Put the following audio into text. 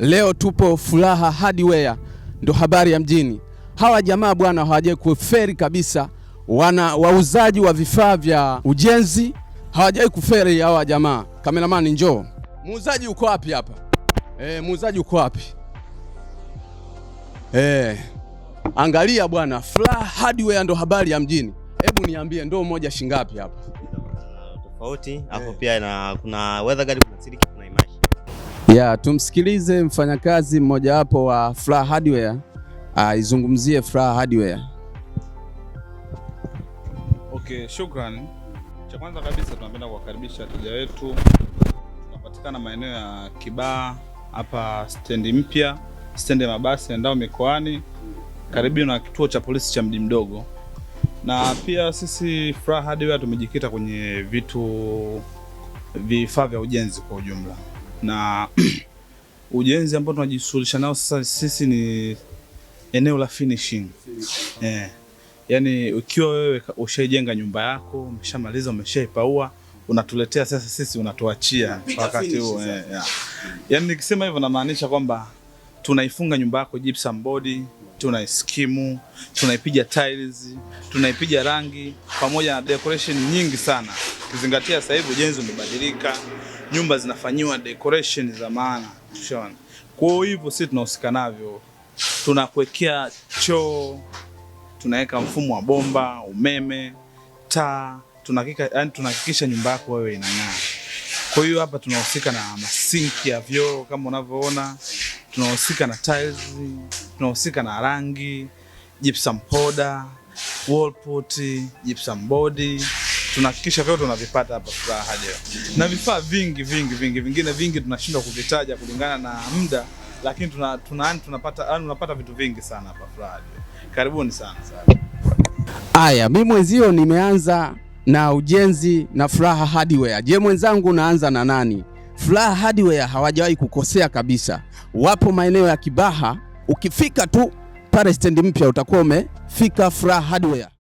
Leo tupo Furaha Hardware, ndo habari ya mjini. Hawa jamaa bwana hawajai kuferi kabisa, wana wauzaji wa vifaa vya ujenzi, hawajai kuferi hawa jamaa. Kameramani njoo, muuzaji uko wapi hapa? E, muuzaji uko wapi? E, angalia bwana, Furaha Hardware ndo habari ya mjini. Hebu niambie, ndoo moja shingapi hapa? Tofauti hapo eh. pia na kuna weather guard, kuna kuna ya, tumsikilize mfanyakazi mmojawapo wa Furaha Hardware ah, aizungumzie Furaha Hardware. Okay, shukrani. Cha kwanza kabisa tunapenda kuwakaribisha wateja wetu. Tunapatikana maeneo ya kibaa hapa stendi mpya, stendi ya mabasi yaendao mikoani karibu na kituo cha polisi cha mji mdogo, na pia sisi Furaha Hardware tumejikita kwenye vitu vifaa vya ujenzi kwa ujumla na ujenzi ambao tunajishughulisha nao sasa sisi ni eneo la finishing. Eh, yani ukiwa wewe ushaijenga nyumba yako umeshamaliza umeshaipaua unatuletea sasa sisi unatuachia wakati huo eh, yeah. Yani nikisema hivyo namaanisha kwamba tunaifunga nyumba yako gypsum board, tunaiskimu, tunaipiga tiles, tunaipiga rangi pamoja na decoration nyingi sana. Ukizingatia sasa hivi ujenzi umebadilika, nyumba zinafanyiwa decoration za maana. Tushaona. Kwa hivyo sisi tunahusika navyo, tunakuwekea choo, tunaweka mfumo wa bomba, umeme, taa, tunahakika yani, tunahakikisha nyumba yako wewe inang'aa. Kwa hiyo hapa tunahusika na masinki ya vyoo kama unavyoona tunahusika na tiles, tunahusika na rangi, gypsum powder, put, gypsum board tunahakikisha vyote tunavipata hapa Furaha Hardware na vifaa vingi vingi vingi vingine vingi tunashindwa kuvitaja kulingana na muda, lakini tuna, tuna, tunapata yani unapata vitu vingi sana hapa Furaha Hardware. Karibuni sana sana. Aya, mimi mwenzio nimeanza na ujenzi na Furaha Hardware. Je, mwenzangu unaanza na nani? Furaha Hardware hawajawahi kukosea kabisa. Wapo maeneo ya Kibaha, ukifika tu pale stendi mpya utakuwa umefika Furaha Hardware.